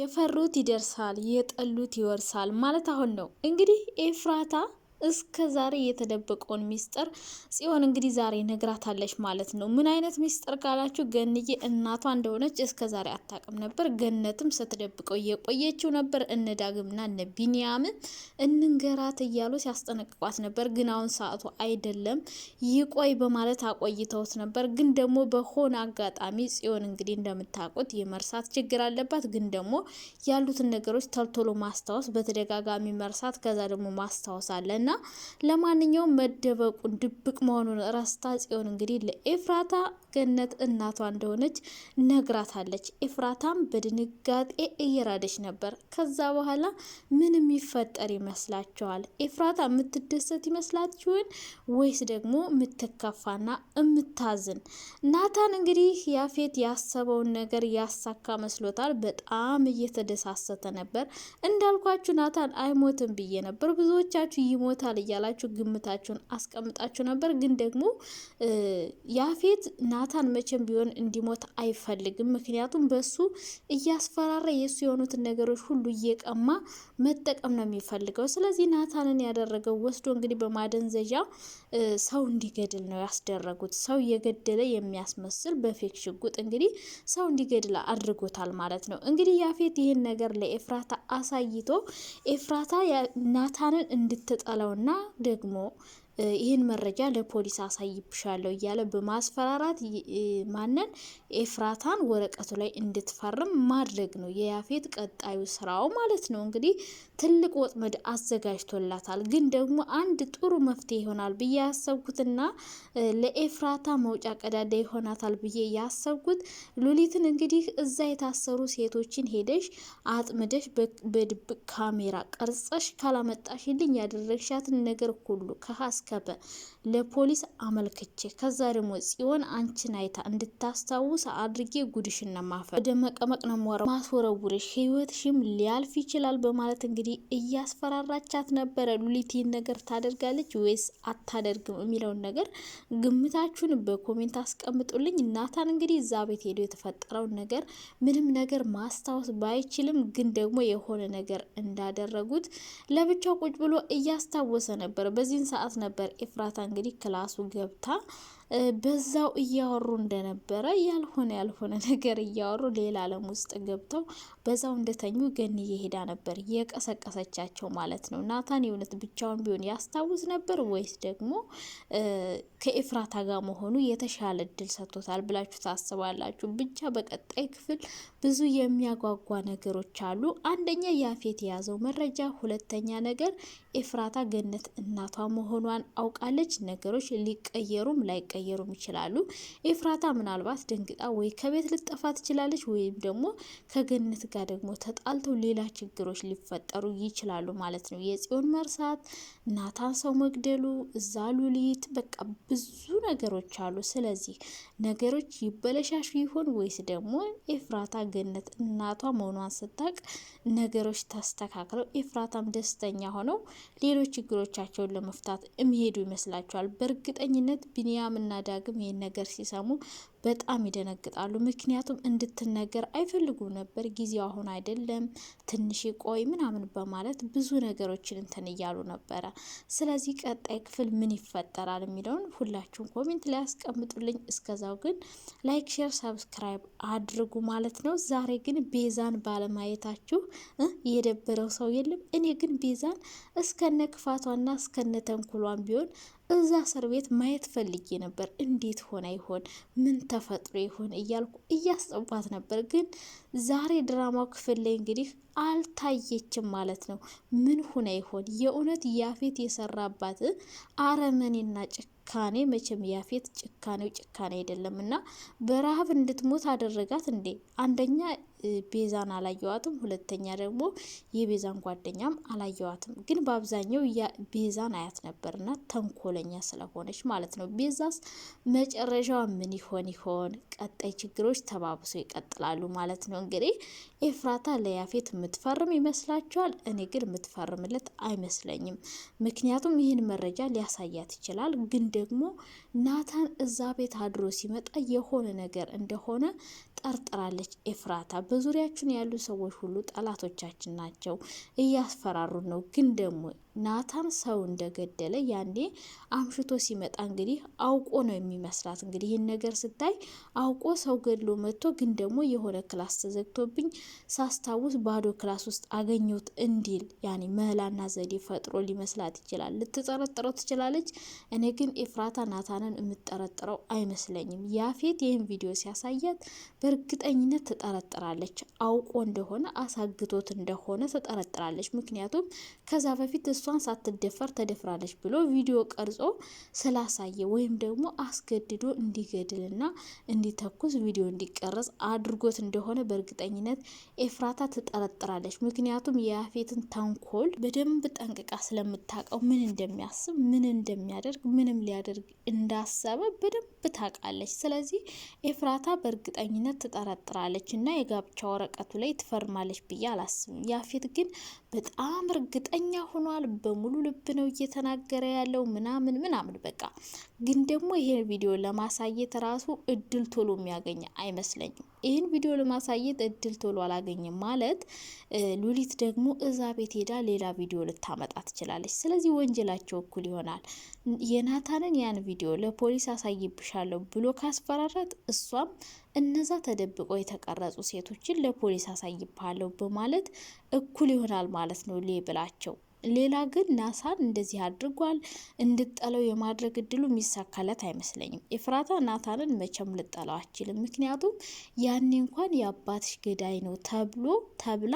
የፈሩት ይደርሳል፣ የጠሉት ይወርሳል ማለት አሁን ነው እንግዲህ ኤፍራታ እስከ ዛሬ የተደበቀውን ሚስጥር ጽዮን እንግዲህ ዛሬ ነግራታለች ማለት ነው። ምን አይነት ሚስጥር ካላችሁ ገንዬ እናቷ እንደሆነች እስከ ዛሬ አታውቅም ነበር። ገነትም ስትደብቀው እየቆየችው ነበር። እነ ዳግምና እነ ቢንያምን እንንገራት እያሉ ሲያስጠነቅቋት ነበር። ግን አሁን ሰዓቱ አይደለም ይቆይ በማለት አቆይተውት ነበር። ግን ደግሞ በሆነ አጋጣሚ ጽዮን እንግዲህ እንደምታውቁት የመርሳት ችግር አለባት። ግን ደግሞ ያሉትን ነገሮች ተልቶሎ ማስታወስ፣ በተደጋጋሚ መርሳት፣ ከዛ ደግሞ ማስታወስ አለና ለማንኛውም መደበቁን ድብቅ መሆኑን ረስታ ጽዮን እንግዲህ ለኤፍራታ ገነት እናቷ እንደሆነች ነግራታለች። ኤፍራታም በድንጋጤ እየራደች ነበር። ከዛ በኋላ ምን የሚፈጠር ይመስላችኋል? ኤፍራታ የምትደሰት ይመስላችሁን? ወይስ ደግሞ የምትከፋና የምታዝን? ናታን እንግዲህ ያፌት ያሰበውን ነገር ያሳካ መስሎታል። በጣም እየተደሳሰተ ነበር። እንዳልኳችሁ ናታን አይሞትም ብዬ ነበር። ብዙዎቻችሁ ይሞት ይሞታል እያላችሁ ግምታችሁን አስቀምጣችሁ ነበር። ግን ደግሞ ያፌት ናታን መቼም ቢሆን እንዲሞት አይፈልግም። ምክንያቱም በሱ እያስፈራራ የእሱ የሆኑትን ነገሮች ሁሉ እየቀማ መጠቀም ነው የሚፈልገው። ስለዚህ ናታንን ያደረገው ወስዶ እንግዲህ በማደንዘዣ ሰው እንዲገድል ነው ያስደረጉት። ሰው የገደለ የሚያስመስል በፌክ ሽጉጥ እንግዲህ ሰው እንዲገድል አድርጎታል ማለት ነው። እንግዲህ ያፌት ይህን ነገር ለኤፍራታ አሳይቶ ኤፍራታ ናታንን እንድትጠላው ያለውና ደግሞ ይህን መረጃ ለፖሊስ አሳይብሻለሁ እያለ በማስፈራራት ማንን ኤፍራታን ወረቀቱ ላይ እንድትፈርም ማድረግ ነው የያፌት ቀጣዩ ስራው ማለት ነው። እንግዲህ ትልቅ ወጥመድ አዘጋጅቶላታል። ግን ደግሞ አንድ ጥሩ መፍትሄ ይሆናል ብዬ ያሰብኩትና ለኤፍራታ መውጫ ቀዳዳ ይሆናታል ብዬ ያሰብኩት ሉሊትን እንግዲህ እዛ የታሰሩ ሴቶችን ሄደሽ አጥምደሽ በድብቅ ካሜራ ቀርጸሽ ካላመጣሽልኝ ያደረግሻትን ነገር ሁሉ ከሀስ 课本。ለፖሊስ አመልክቼ ከዛ ደግሞ ጽዮን አንቺን አይታ እንድታስታውስ አድርጌ ጉድሽን ነማፈ ወደ መቀመቅ ነው ማስወረውርሽ ህይወትሽም ሊያልፍ ይችላል በማለት እንግዲህ እያስፈራራቻት ነበረ። ሉሊት ይህን ነገር ታደርጋለች ወይስ አታደርግም የሚለውን ነገር ግምታችሁን በኮሜንት አስቀምጡልኝ። ናታን እንግዲህ እዛ ቤት ሄዶ የተፈጠረውን ነገር ምንም ነገር ማስታወስ ባይችልም ግን ደግሞ የሆነ ነገር እንዳደረጉት ለብቻው ቁጭ ብሎ እያስታወሰ ነበር። በዚህን ሰዓት ነበር ኤፍራታ እንግዲህ ክላሱ ገብታ በዛው እያወሩ እንደነበረ ያልሆነ ያልሆነ ነገር እያወሩ ሌላ አለም ውስጥ ገብተው በዛው እንደተኙ ገን እየሄዳ ነበር የቀሰቀሰቻቸው ማለት ነው። ናታን የእውነት ብቻውን ቢሆን ያስታውስ ነበር ወይስ ደግሞ ከኤፍራታ ጋር መሆኑ የተሻለ እድል ሰጥቶታል ብላችሁ ታስባላችሁ? ብቻ በቀጣይ ክፍል ብዙ የሚያጓጓ ነገሮች አሉ። አንደኛ ያፌት የያዘው መረጃ፣ ሁለተኛ ነገር ኤፍራታ ገነት እናቷ መሆኗን አውቃለች። ነገሮች ሊቀየሩም ላይቀ ሊቀያየሩም ይችላሉ። ኤፍራታ ምናልባት ደንግጣ ወይ ከቤት ልጠፋ ትችላለች፣ ወይም ደግሞ ከገነት ጋር ደግሞ ተጣልተው ሌላ ችግሮች ሊፈጠሩ ይችላሉ ማለት ነው። የጽዮን መርሳት፣ ናታን ሰው መግደሉ፣ እዛ ሉሊት፣ በቃ ብዙ ነገሮች አሉ። ስለዚህ ነገሮች ይበለሻሹ ይሆን ወይስ ደግሞ ኤፍራታ ገነት እናቷ መሆኗን ስታቅ ነገሮች ተስተካክለው ኤፍራታም ደስተኛ ሆነው ሌሎች ችግሮቻቸውን ለመፍታት የሚሄዱ ይመስላቸዋል። በእርግጠኝነት ቢንያም እርግብና ዳግም ይህን ነገር ሲሰሙ በጣም ይደነግጣሉ። ምክንያቱም እንድትነገር አይፈልጉም ነበር። ጊዜው አሁን አይደለም፣ ትንሽ ቆይ ምናምን በማለት ብዙ ነገሮችን እንትን እያሉ ነበረ። ስለዚህ ቀጣይ ክፍል ምን ይፈጠራል የሚለውን ሁላችሁም ኮሜንት ላይ ያስቀምጡልኝ። እስከዛው ግን ላይክ፣ ሼር፣ ሰብስክራይብ አድርጉ ማለት ነው። ዛሬ ግን ቤዛን ባለማየታችሁ የደበረው ሰው የለም። እኔ ግን ቤዛን እስከነ ክፋቷና እስከነ ተንኩሏን ቢሆን እዛ እስር ቤት ማየት ፈልጌ ነበር። እንዴት ሆነ ይሆን ምን ተፈጥሮ ይሆን እያልኩ እያስጠባት ነበር። ግን ዛሬ ድራማው ክፍል ላይ እንግዲህ አልታየችም ማለት ነው። ምን ሁነ ይሆን? የእውነት ያፌት የሰራባት አረመኔና ጭካኔ መቼም ያፌት ጭካኔው ጭካኔ አይደለም እና በረሀብ እንድትሞት አደረጋት እንዴ አንደኛ ቤዛን አላየዋትም። ሁለተኛ ደግሞ የቤዛን ጓደኛም አላየዋትም። ግን በአብዛኛው ቤዛን አያት ነበርና ተንኮለኛ ስለሆነች ማለት ነው። ቤዛስ መጨረሻዋ ምን ይሆን ይሆን? ቀጣይ ችግሮች ተባብሰው ይቀጥላሉ ማለት ነው። እንግዲህ ኤፍራታ ለያፌት የምትፈርም ይመስላችኋል? እኔ ግን የምትፈርምለት አይመስለኝም። ምክንያቱም ይህን መረጃ ሊያሳያት ይችላል። ግን ደግሞ ናታን እዛ ቤት አድሮ ሲመጣ የሆነ ነገር እንደሆነ ጠርጥራለች ኤፍራታ። በዙሪያችን ያሉ ሰዎች ሁሉ ጠላቶቻችን ናቸው፣ እያስፈራሩ ነው። ግን ደግሞ ናታን ሰው እንደገደለ ያኔ አምሽቶ ሲመጣ እንግዲህ አውቆ ነው የሚመስላት። እንግዲህ ይህን ነገር ስታይ አውቆ ሰው ገድሎ መጥቶ ግን ደግሞ የሆነ ክላስ ተዘግቶብኝ ሳስታውስ ባዶ ክላስ ውስጥ አገኘሁት እንዲል ያኔ መላና ዘዴ ፈጥሮ ሊመስላት ይችላል። ልትጠረጥረው ትችላለች። እኔ ግን ኤፍራታ ናታንን የምጠረጥረው አይመስለኝም። ያፌት ይህን ቪዲዮ ሲያሳያት በእርግጠኝነት ትጠረጥራለች። ትጠረጥራለች። አውቆ እንደሆነ አሳግቶት እንደሆነ ትጠረጥራለች። ምክንያቱም ከዛ በፊት እሷን ሳትደፈር ተደፍራለች ብሎ ቪዲዮ ቀርጾ ስላሳየ ወይም ደግሞ አስገድዶ እንዲገድልና እንዲተኩስ ቪዲዮ እንዲቀረጽ አድርጎት እንደሆነ በእርግጠኝነት ኤፍራታ ትጠረጥራለች። ምክንያቱም የያፌትን ተንኮል በደንብ ጠንቅቃ ስለምታውቀው ምን እንደሚያስብ፣ ምን እንደሚያደርግ፣ ምንም ሊያደርግ እንዳሰበ በደንብ ታውቃለች። ስለዚህ ኤፍራታ በእርግጠኝነት ትጠረጥራለች እና የጋብ ብቻ ወረቀቱ ላይ ትፈርማለች ብዬ አላስብም። ያፌት ግን በጣም እርግጠኛ ሆኗል። በሙሉ ልብ ነው እየተናገረ ያለው ምናምን ምናምን። በቃ ግን ደግሞ ይሄን ቪዲዮ ለማሳየት ራሱ እድል ቶሎ የሚያገኝ አይመስለኝም። ይህን ቪዲዮ ለማሳየት እድል ቶሎ አላገኝም ማለት ሉሊት ደግሞ እዛ ቤት ሄዳ ሌላ ቪዲዮ ልታመጣ ትችላለች። ስለዚህ ወንጀላቸው እኩል ይሆናል። የናታንን ያን ቪዲዮ ለፖሊስ አሳይብሻለሁ ብሎ ካስፈራራት እሷም እነዛ ተደብቆ የተቀረጹ ሴቶችን ለፖሊስ አሳይብሃለሁ በማለት እኩል ይሆናል ማለት ነው ሌብላቸው። ሌላ ግን ናሳን እንደዚህ አድርጓል እንድጠለው የማድረግ እድሉ የሚሳካለት አይመስለኝም። ኤፍራታ ናታንን መቼም ልጠለው አችልም። ምክንያቱም ያኔ እንኳን የአባትሽ ገዳይ ነው ተብሎ ተብላ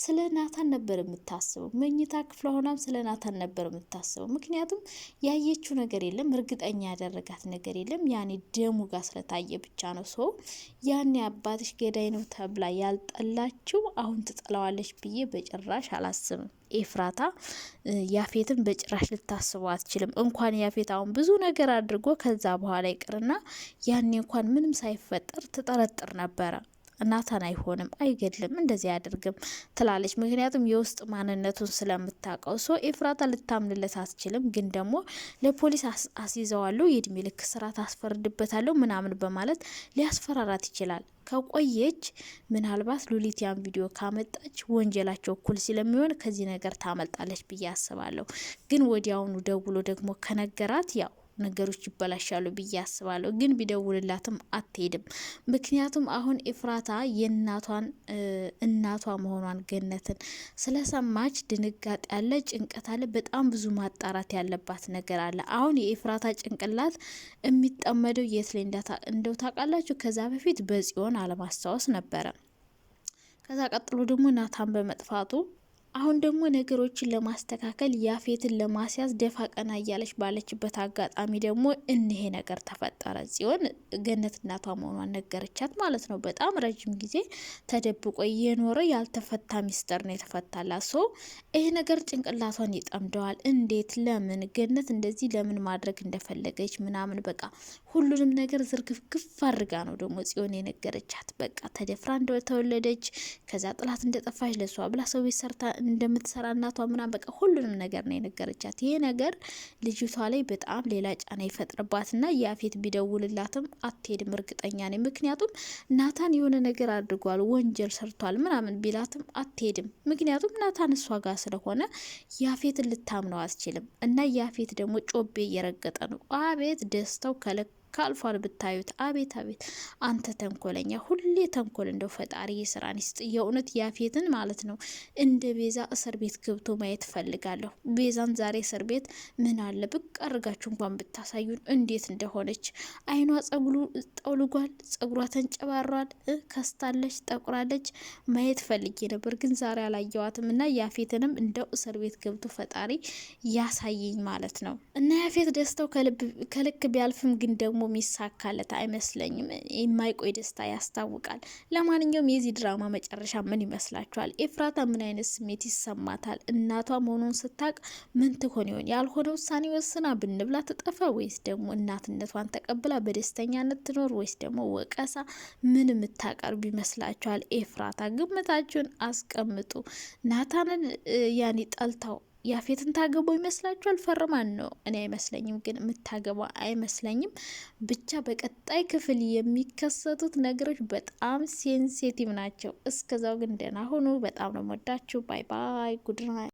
ስለ ናታን ነበር የምታስበው። መኝታ ክፍለ ሆናም ስለ ናታን ነበር የምታስበው። ምክንያቱም ያየችው ነገር የለም፣ እርግጠኛ ያደረጋት ነገር የለም። ያኔ ደሙ ጋር ስለታየ ብቻ ነው ሰው ያኔ አባትሽ ገዳይ ነው ተብላ ያልጠላችው አሁን ትጠላዋለች ብዬ በጭራሽ አላስብም። ኤፍራታ ያፌትን በጭራሽ ልታስበው አትችልም። እንኳን ያፌት አሁን ብዙ ነገር አድርጎ ከዛ በኋላ ይቅርና ያኔ እንኳን ምንም ሳይፈጠር ትጠረጥር ነበረ። ናታን አይሆንም፣ አይገድልም፣ እንደዚህ አያደርግም ትላለች። ምክንያቱም የውስጥ ማንነቱን ስለምታውቀው ሶ ኤፍራታ ልታምንለት አትችልም። ግን ደግሞ ለፖሊስ አስይዘዋለሁ፣ የእድሜ ልክ ስራ አስፈርድበታለሁ ምናምን በማለት ሊያስፈራራት ይችላል። ከቆየች ምናልባት ሉሊት ያን ቪዲዮ ካመጣች ወንጀላቸው እኩል ስለሚሆን ከዚህ ነገር ታመልጣለች ብዬ አስባለሁ። ግን ወዲያውኑ ደውሎ ደግሞ ከነገራት ያው ነገሮች ይበላሻሉ ብዬ አስባለሁ። ግን ቢደውልላትም አትሄድም። ምክንያቱም አሁን ኤፍራታ የእናቷን እናቷ መሆኗን ገነትን ስለሰማች ድንጋጤ አለ፣ ጭንቀት አለ፣ በጣም ብዙ ማጣራት ያለባት ነገር አለ። አሁን የኤፍራታ ጭንቅላት የሚጠመደው የት ላይ እንደው ታውቃላችሁ፣ ከዛ በፊት በጽዮን አለማስታወስ ነበረ። ከዛ ቀጥሎ ደግሞ ናታን በመጥፋቱ አሁን ደግሞ ነገሮችን ለማስተካከል ያፌትን ለማስያዝ ደፋ ቀና እያለች ባለችበት አጋጣሚ ደግሞ እኒሄ ነገር ተፈጠረ። ጽዮን ገነት እናቷ መሆኗን ነገረቻት ማለት ነው። በጣም ረጅም ጊዜ ተደብቆ እየኖረ ያልተፈታ ሚስጥር ነው የተፈታላት። ሶ ይህ ነገር ጭንቅላቷን ይጠምደዋል። እንዴት፣ ለምን ገነት እንደዚህ ለምን ማድረግ እንደፈለገች ምናምን በቃ ሁሉንም ነገር ዝርግፍግፍ አድርጋ ነው ደግሞ ጽዮን የነገረቻት። በቃ ተደፍራ እንደተወለደች ከዛ ጥላት እንደጠፋች ለሷ ብላ ሰው ቤት ሰርታ እንደምትሰራ እናቷ ምናም በቃ ሁሉንም ነገር ነው የነገረቻት። ይሄ ነገር ልጅቷ ላይ በጣም ሌላ ጫና ይፈጥርባትና ያፌት ቢደውልላትም አትሄድም፣ እርግጠኛ ነኝ። ምክንያቱም ናታን የሆነ ነገር አድርጓል፣ ወንጀል ሰርቷል ምናምን ቢላትም አትሄድም። ምክንያቱም ናታን እሷ ጋር ስለሆነ ያፌትን ልታምነው አትችልም። እና ያፌት ደግሞ ጮቤ እየረገጠ ነው። አቤት ደስታው ከለክ ካልፏል ብታዩት። አቤት አቤት አንተ ተንኮለኛ፣ ሁሌ ተንኮል። እንደው ፈጣሪ ስራን ይስጥ። የእውነት ያፌትን ማለት ነው እንደ ቤዛ እስር ቤት ገብቶ ማየት ፈልጋለሁ። ቤዛን ዛሬ እስር ቤት ምን አለ ብቅ አድርጋችሁ እንኳን ብታሳዩን እንዴት እንደሆነች። አይኗ ጸጉሉ ጠውልጓል፣ ጸጉሯ ተንጨባሯል፣ ከስታለች፣ ጠቁራለች። ማየት ፈልጌ ነበር ግን ዛሬ አላየዋትም እና ያፌትንም እንደው እስር ቤት ገብቶ ፈጣሪ ያሳየኝ ማለት ነው እና ያፌት ደስተው ከልክ ቢያልፍም ግን ደግሞ የሚሳካለት አይመስለኝም። የማይቆይ ደስታ ያስታውቃል። ለማንኛውም የዚህ ድራማ መጨረሻ ምን ይመስላችኋል? ኤፍራታ ምን አይነት ስሜት ይሰማታል? እናቷ መሆኑን ስታቅ ምን ትሆን ይሆን? ያልሆነ ውሳኔ ወስና ብንብላ ትጠፋ ወይስ ደግሞ እናትነቷን ተቀብላ በደስተኛነት ትኖር ወይስ ደግሞ ወቀሳ ምን የምታቀርብ ይመስላችኋል? ኤፍራታ ግምታችሁን አስቀምጡ። ናታንን ያኔ ጠልታው ያፌትን ታገባው ይመስላችኋል? ፈርማን ነው እኔ አይመስለኝም፣ ግን የምታገባ አይመስለኝም። ብቻ በቀጣይ ክፍል የሚከሰቱት ነገሮች በጣም ሴንሴቲቭ ናቸው። እስከዛው ግን ደህና ሆኑ። በጣም ነው የምወዳችሁ። ባይ ባይ። ጉድና